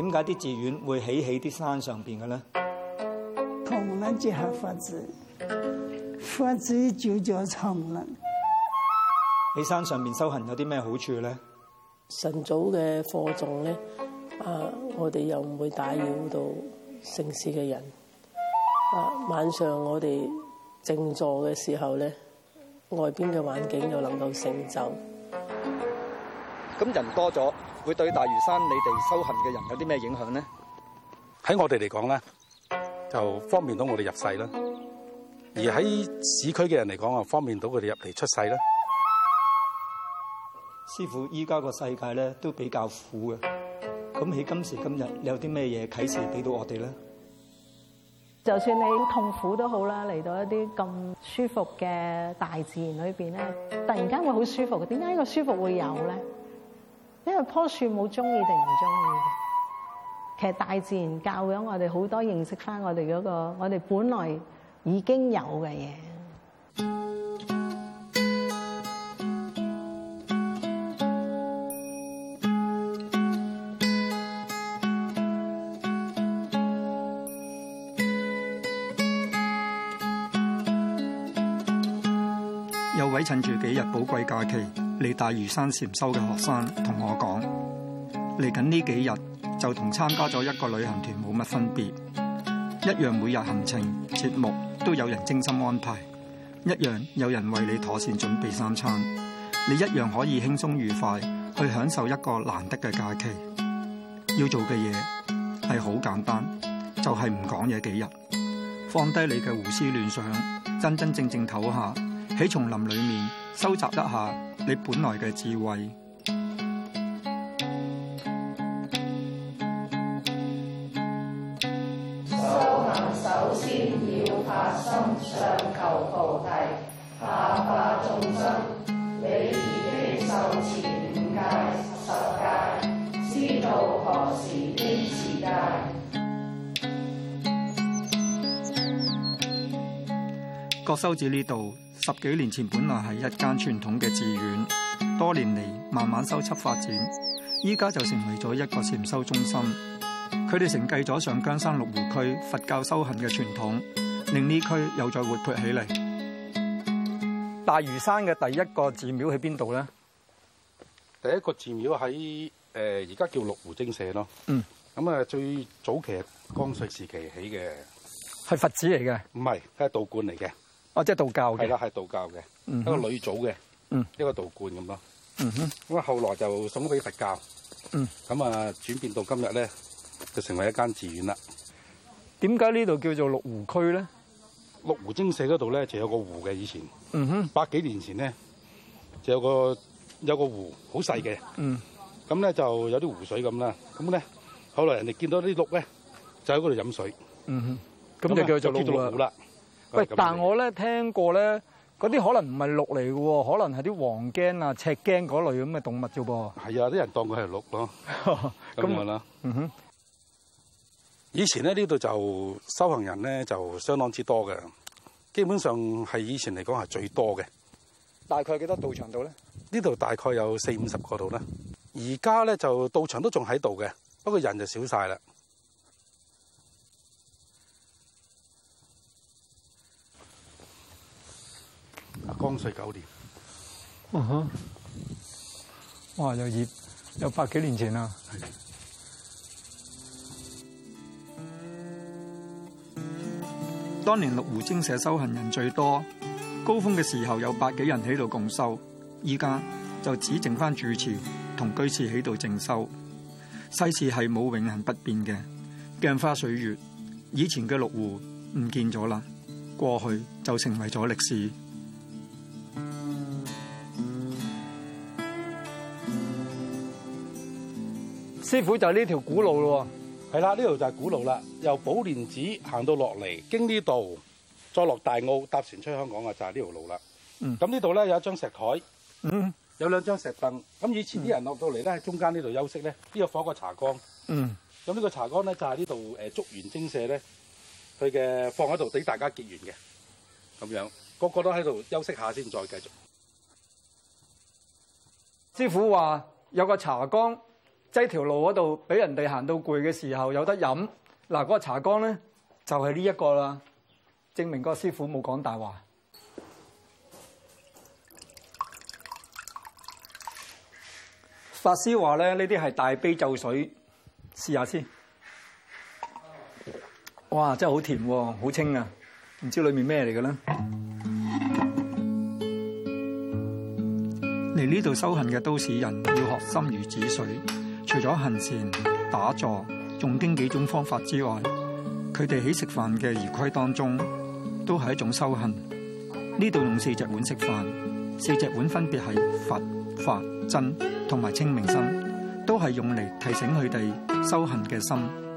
點解啲寺院會起喺啲山上邊嘅咧？叢林即係佛寺，佛寺照咗叢林。喺山上邊修行有啲咩好處咧？晨早嘅課誦咧，啊，我哋又唔會打擾到城市嘅人。啊，晚上我哋靜坐嘅時候咧，外邊嘅環境又能夠成就。咁人多咗。會對大嶼山你哋修行嘅人有啲咩影響咧？喺我哋嚟講咧，就方便到我哋入世啦。而喺市區嘅人嚟講啊，方便到佢哋入嚟出世啦。師傅，依家個世界咧都比較苦嘅，咁喺今時今日你有啲咩嘢啟示俾到我哋咧？就算你痛苦都好啦，嚟到一啲咁舒服嘅大自然裏邊咧，突然間會好舒服。點解呢個舒服會有咧？因為樖樹冇中意定唔中意嘅，其實大自然教咗我哋好多認識翻我哋個我哋本來已經有嘅嘢。趁住幾日寶貴假期嚟大嶼山禪修嘅學生同我講：嚟緊呢幾日就同參加咗一個旅行團冇乜分別，一樣每日行程節目都有人精心安排，一樣有人為你妥善準備三餐，你一樣可以輕鬆愉快去享受一個難得嘅假期。要做嘅嘢係好簡單，就係唔講嘢幾日，放低你嘅胡思亂想，真真正正唞下。喺叢林裏面收集一下你本來嘅智慧。覺修寺呢度十幾年前本來係一間傳統嘅寺院，多年嚟慢慢修葺發展，依家就成為咗一個禪修中心。佢哋承繼咗上江山鹿湖區佛教修行嘅傳統，令呢區又再活潑起嚟。大嶼山嘅第一個寺廟喺邊度咧？第一個寺廟喺誒，而、呃、家叫鹿湖精舍咯。嗯，咁啊，最早期係光緒時期起嘅，係、嗯、佛寺嚟嘅，唔係，係道觀嚟嘅。哦，即係道教嘅，係啦，係道教嘅，一個女祖嘅，一個道觀咁咯。咁啊，後來就送俾佛教。咁啊，轉變到今日咧，就成為一間寺院啦。點解呢度叫做鹿湖區咧？鹿湖精舍嗰度咧就有個湖嘅，以前。嗯哼。百幾年前咧就有個有個湖，好細嘅。嗯。咁咧就有啲湖水咁啦。咁咧後來人哋見到啲鹿咧就喺嗰度飲水。嗯哼。咁就叫做叫做鹿湖啦。喂，但係我咧聽過咧，嗰啲可能唔係鹿嚟嘅，可能係啲黃猄啊、赤猄嗰類咁嘅動物啫噃。係啊，啲人當佢係鹿咯。咁 啊樣吧，嗯哼。以前咧呢度就修行人咧就相當之多嘅，基本上係以前嚟講係最多嘅。大概幾多道場度咧？呢度大概有四五十個度啦。而家咧就道場都仲喺度嘅，不過人就少晒啦。光緒九年，嗯、啊、哼，哇！又熱，又百幾年前啦。當年鹿湖精舍修行人最多，高峰嘅時候有百幾人喺度共修。依家就只剩翻住持同居士喺度靜修。世事係冇永恒不變嘅，鏡花水月。以前嘅鹿湖唔見咗啦，過去就成為咗歷史。師傅就係呢條古路咯，係、嗯、啦，呢條就係古路啦，由寶蓮寺行到落嚟，經呢度，再落大澳搭船出香港嘅就係呢條路啦。咁呢度咧有一張石台、嗯，有兩張石凳。咁以前啲人落到嚟咧，嗯、喺中間呢度休息咧，呢個放個茶缸。咁、嗯、呢個茶缸咧就係呢度誒，竹園精舍咧，佢嘅放喺度俾大家結緣嘅，咁樣個個都喺度休息下先，再繼續。師傅話有個茶缸。即條路嗰度俾人哋行到攰嘅時候有得飲，嗱、嗰個茶缸咧就係呢一個啦，證明個師傅冇講大話。法師話咧：呢啲係大悲咒水，試下先。哇！真係好甜喎、啊，好清啊！唔知裏面咩嚟嘅咧？嚟呢度修行嘅都市人，要學心如止水。除咗行禪、打坐、誦經幾種方法之外，佢哋喺食飯嘅儀規當中，都係一種修行。呢度用四隻碗食飯，四隻碗分別係佛、法、真同埋清明心，都係用嚟提醒佢哋修行嘅心。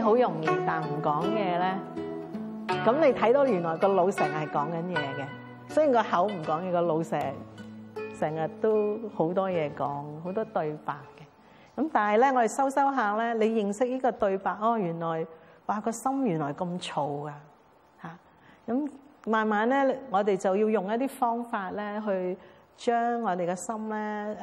好容易，但唔講嘢咧，咁你睇到原來個腦成日係講緊嘢嘅，雖然個口唔講嘢，個腦成成日都好多嘢講，好多對白嘅。咁但係咧，我哋收收下咧，你認識呢個對白哦，原來哇個心原來咁燥㗎嚇。咁慢慢咧，我哋就要用一啲方法咧，去將我哋嘅心咧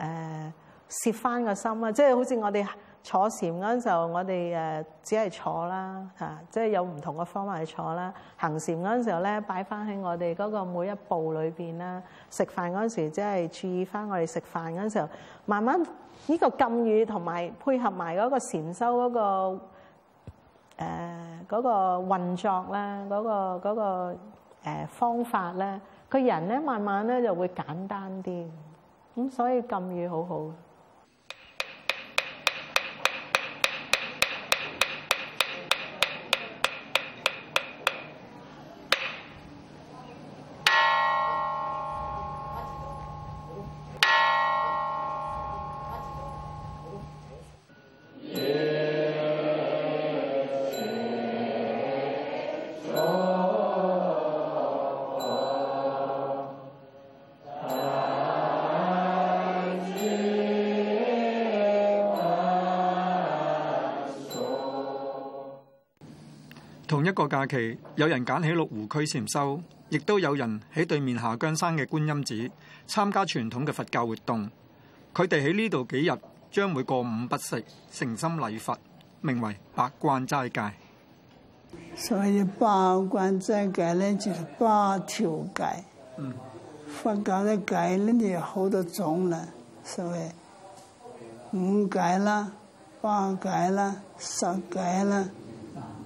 誒攝翻個心啦，即係好似我哋。坐禪嗰陣時候，我哋誒只係坐啦，嚇，即係有唔同嘅方法去坐啦。行禪嗰陣時候咧，擺翻喺我哋嗰個每一步裏邊啦。食飯嗰時，即係注意翻我哋食飯嗰陣時候，慢慢呢個禁語同埋配合埋嗰個禪修嗰個誒嗰個運作咧，嗰個嗰個誒方法咧，個人咧慢慢咧就會簡單啲。咁所以禁語好好。一個假期，有人揀起鹿湖區禪修，亦都有人喺對面下羌山嘅觀音寺參加傳統嘅佛教活動。佢哋喺呢度幾日，將會過午不食，誠心禮佛，名為八關齋戒。所謂八關齋戒咧，就係八條戒。嗯，佛教嘅戒呢，有好多種啦，所謂五戒啦，八戒啦，十戒啦。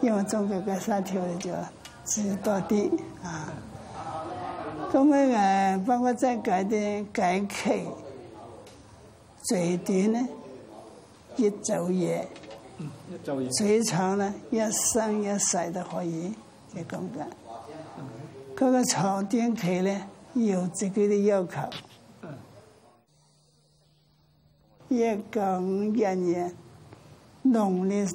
因為中國個三條就治到底啊，中國人包括再改點改開，最短呢，一晝夜，嗯、一晝夜，最長呢，一生一世都可以，就咁噶。各個朝墊鋪呢，有自己的要求。嗯、一九五八年農曆。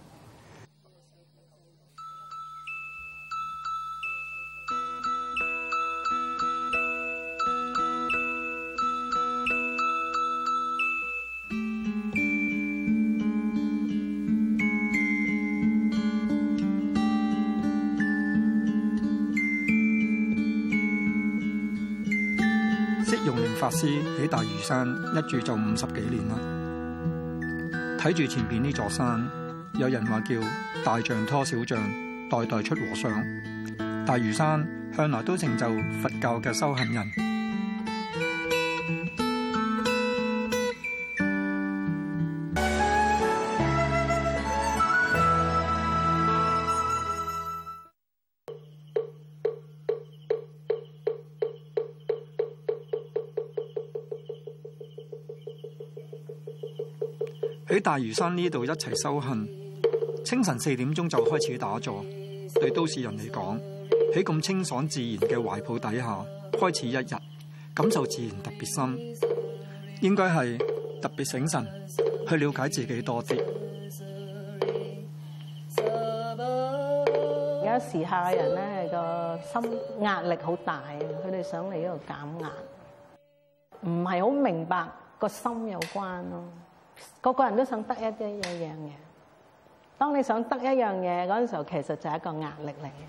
法師喺大嶼山一住就五十幾年啦，睇住前邊呢座山，有人話叫大象拖小象，代代出和尚。大嶼山向來都成就佛教嘅修行人。喺大嶼山呢度一齊修行，清晨四點鐘就開始打坐。對都市人嚟講，喺咁清爽自然嘅懷抱底下開始一日，感受自然特別深，應該係特別醒神，去了解自己多啲。而家時下嘅人咧，個心壓力好大，佢哋想嚟呢度減壓，唔係好明白個心有關咯。個個人都想得一啲一樣嘢，當你想得一樣嘢嗰陣時候，其實就係一個壓力嚟嘅。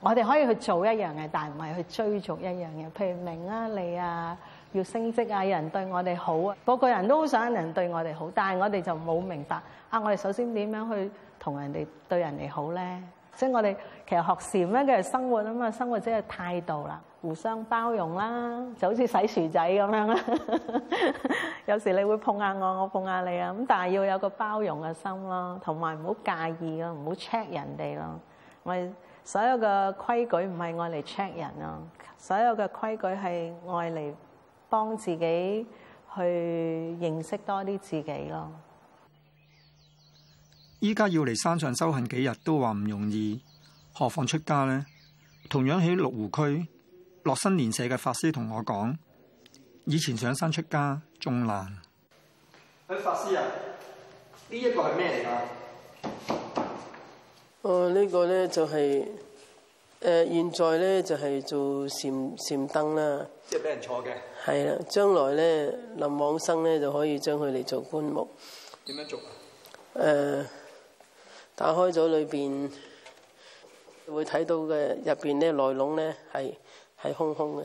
我哋可以去做一樣嘢，但唔係去追逐一樣嘢，譬如名啊、利啊，要升職啊，有人對我哋好啊。個個人都好想人對我哋好，但係我哋就冇明白啊！我哋首先點樣去同人哋對人哋好咧？所以我哋其實學禪咧，佢係生活啊嘛，生活即係態度啦。互相包容啦，就好似洗薯仔咁樣啦。 有時你會碰下我，我碰下你啊。咁但係要有個包容嘅心咯，同埋唔好介意咯，唔好 check 人哋咯。我哋所有嘅規矩唔係愛嚟 check 人咯，所有嘅規矩係愛嚟幫自己去認識多啲自己咯。依家要嚟山上修行幾日都話唔容易，何況出家咧？同樣喺鹿湖區。鹿湖蓮社嘅法師同我講，以前上山出家仲難。阿法師啊，呢、這、一個係咩嚟噶？哦，呢、這個咧就係、是、誒、呃，現在咧就係做禪禪櫈啦。即係俾人坐嘅。係啦，將來咧臨往生咧就可以將佢嚟做棺木。點樣做？誒、呃，打開咗裏邊會睇到嘅入邊咧內籠咧係。係空空嘅，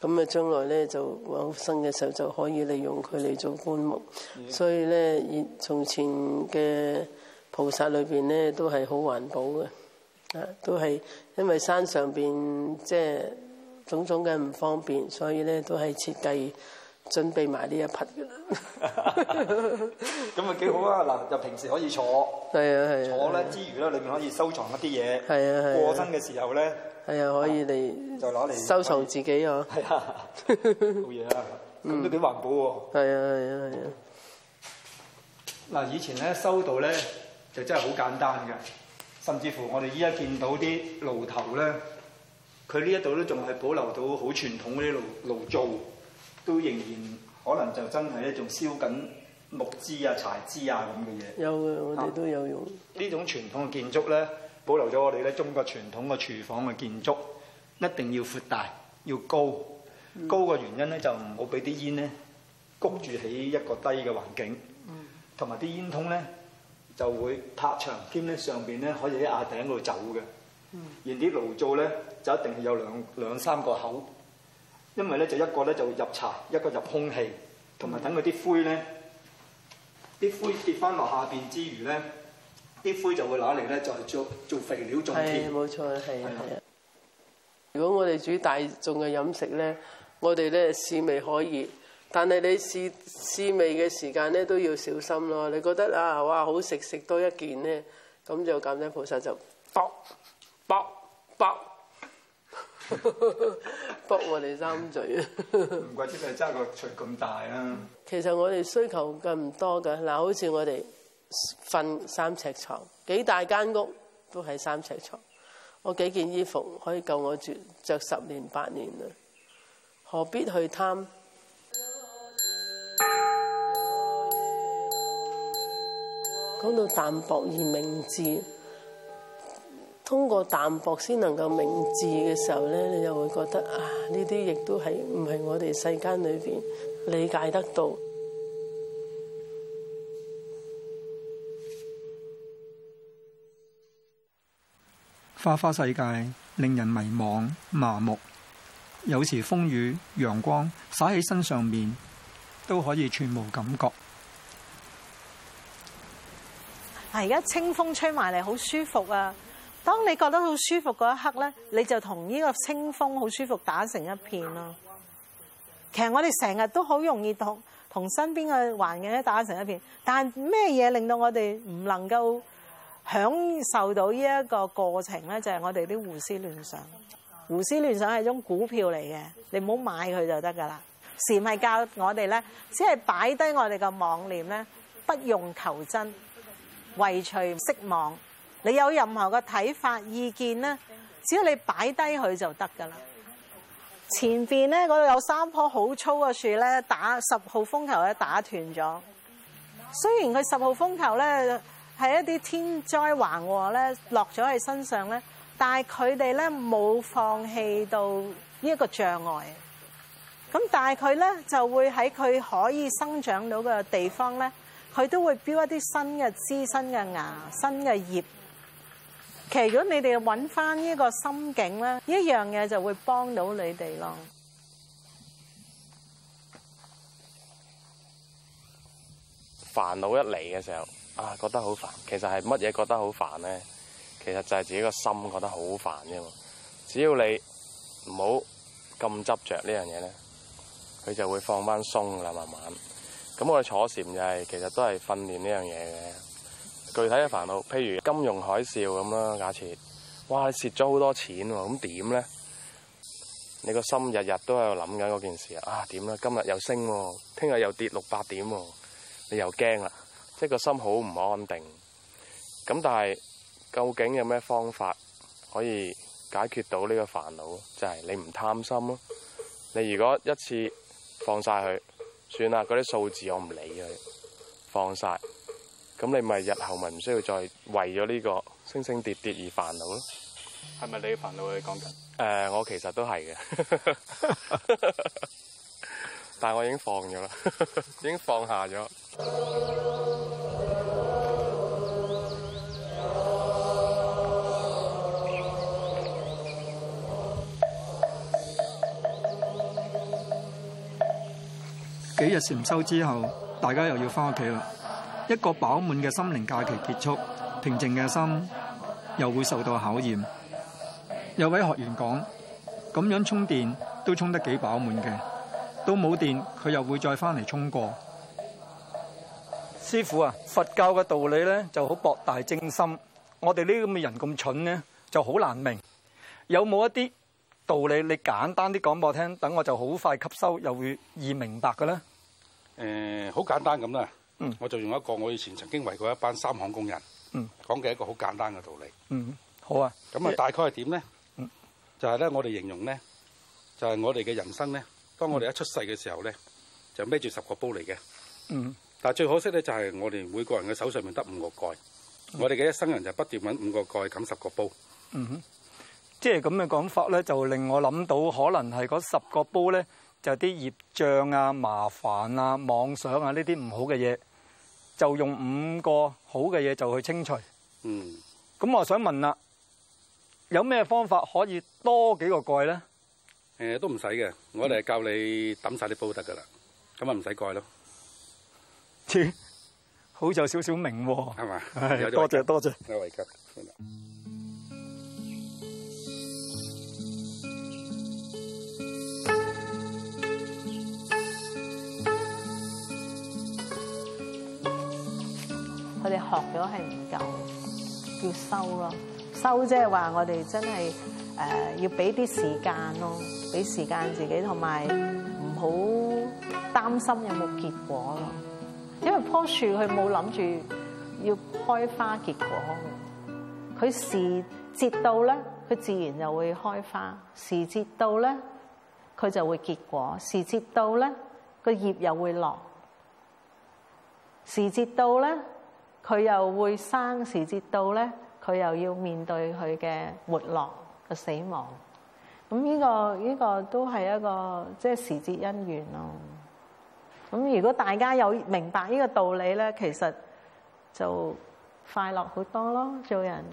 咁啊，將來咧就往生嘅時候就可以利用佢嚟做棺木，所以咧，以前嘅菩薩裏邊咧都係好環保嘅，啊，都係因為山上邊即係種種嘅唔方便，所以咧都係設計。準備埋呢一批嘅啦，咁啊幾好啊！嗱，就平時可以坐，係啊係、啊、坐咧之餘咧，裏面可以收藏一啲嘢，係啊係啊，過身嘅時候咧，係啊可以攞嚟收藏自己呵，係啊，做嘢啊，咁都幾環保喎，係啊係啊係啊！嗱、啊啊啊，以前咧收到咧就真係好簡單嘅，甚至乎我哋依家見到啲爐頭咧，佢呢一度都仲係保留到好傳統嗰啲爐爐灶。都仍然可能就真係咧，仲燒緊木枝啊、柴枝啊咁嘅嘢。有啊，我哋都有用。呢種傳統嘅建築咧，保留咗我哋咧中國傳統嘅廚房嘅建築，一定要闊大，要高。嗯、高嘅原因咧，就唔好俾啲煙咧谷住喺一個低嘅環境。嗯。同埋啲煙通咧就會拍牆，兼咧上邊咧可以喺瓦頂嗰度走嘅。嗯。而啲爐灶咧就一定係有兩兩三個口。因為咧就一個咧就會入茶，一個入空氣，同埋等嗰啲灰咧，啲灰跌翻落下邊之餘咧，啲灰就會攞嚟咧再做做肥料種田。係冇錯，係啊！如果我哋煮大眾嘅飲食咧，我哋咧試味可以，但係你試試味嘅時間咧都要小心咯。你覺得啊哇好食，食多一件咧，咁就減啲火候就卜卜。爆。爆卜 我哋三嘴啊！唔怪之得揸個錘咁大啦。其實我哋需求咁唔多噶，嗱，好似我哋瞓三尺床，幾大間屋都係三尺床。我幾件衣服可以夠我住着十年八年啦，何必去貪？講到淡泊而明志。通過淡薄先能夠明智嘅時候咧，你就會覺得啊，呢啲亦都係唔係我哋世間裏面理解得到。花花世界令人迷惘麻木，有時風雨陽光灑喺身上面都可以全無感覺。啊！而家清風吹埋嚟，好舒服啊！當你覺得好舒服嗰一刻咧，你就同呢個清風好舒服打成一片咯。其實我哋成日都好容易同同身邊嘅環境咧打成一片，但係咩嘢令到我哋唔能夠享受到呢一個過程咧？就係我哋啲胡思亂想，胡思亂想係種股票嚟嘅，你唔好買佢就得㗎啦。禪係教我哋咧，只係擺低我哋嘅妄念咧，不用求真，唯除息妄。你有任何嘅睇法、意見咧，只要你擺低佢就得㗎啦。前邊咧嗰度有三棵好粗嘅樹咧，打十號風球咧打斷咗。雖然佢十號風球咧係一啲天災橫禍咧落咗喺身上咧，但係佢哋咧冇放棄到呢一個障礙。咁但係佢咧就會喺佢可以生長到嘅地方咧，佢都會標一啲新嘅枝、新嘅芽、新嘅葉。其實如果你哋揾翻呢個心境咧，一樣嘢就會幫到你哋咯。煩惱一嚟嘅時候，啊覺得好煩。其實係乜嘢覺得好煩咧？其實就係自己個心覺得好煩啫嘛。只要你唔好咁執着呢樣嘢咧，佢就會放翻鬆噶啦，慢慢。咁我哋坐禪就係、是、其實都係訓練呢樣嘢嘅。具體嘅煩惱，譬如金融海嘯咁啦，假設，哇，你蝕咗好多錢喎，咁點咧？你個心日日都喺度諗緊嗰件事啊，啊點咧？今日又升喎、啊，聽日又跌六百點喎、啊，你又驚啦，即係個心好唔安定。咁但係，究竟有咩方法可以解決到呢個煩惱？就係、係、你唔貪心咯、啊。你如果一次放晒佢，算啦，嗰啲數字我唔理佢，放晒。咁你咪日後咪唔需要再為咗呢個升升跌跌而煩惱咯？係咪你煩惱啊？你講緊？誒、呃，我其實都係嘅，但我已經放咗啦，已經放下咗。幾日禪修之後，大家又要翻屋企啦。一個飽滿嘅心靈假期結束，平靜嘅心又會受到考驗。有位學員講：咁樣充電都充得幾飽滿嘅，都冇電佢又會再翻嚟充過。師父啊，佛教嘅道理咧就好博大精深，我哋呢咁嘅人咁蠢咧就好難明。有冇一啲道理你簡單啲講我聽，等我就好快吸收又會易明白嘅咧？誒，好簡單咁啦。嗯，我就用一個我以前曾經為過一班三行工人，講嘅一個好簡單嘅道理。嗯，好啊。咁啊，大概係點咧？嗯，就係咧，我哋形容咧，就係我哋嘅人生咧。當我哋一出世嘅時候咧，就孭住十個煲嚟嘅。嗯。但係最可惜咧，就係我哋每個人嘅手上面得五個蓋。我哋嘅一生人就不斷揾五個蓋，冚十個煲。嗯哼。即係咁嘅講法咧，就令我諗到可能係嗰十個煲咧。就啲業障啊、麻煩啊、妄想啊呢啲唔好嘅嘢，就用五個好嘅嘢就去清除。嗯，咁我想問啦，有咩方法可以多幾個蓋咧？誒，都唔使嘅，我哋係教你抌晒啲煲得噶啦，咁啊唔使蓋咯。切，好就少少明喎。係嘛，係多謝多謝。學咗係唔夠，要收咯。收，即係話，我哋真係誒要俾啲時間咯，俾時間自己，同埋唔好擔心有冇結果咯。因為樖樹佢冇諗住要開花結果，佢時節到咧，佢自然就會開花；時節到咧，佢就會結果；時節到咧，個葉又會落；時節到咧。佢又會生，時節到咧，佢又要面對佢嘅活落，個死亡。咁呢、呢個呢、呢個都係一個即、即係、時節因緣咯。咁如果大家有明白呢個道理咧，其實就快樂好多咯，做人。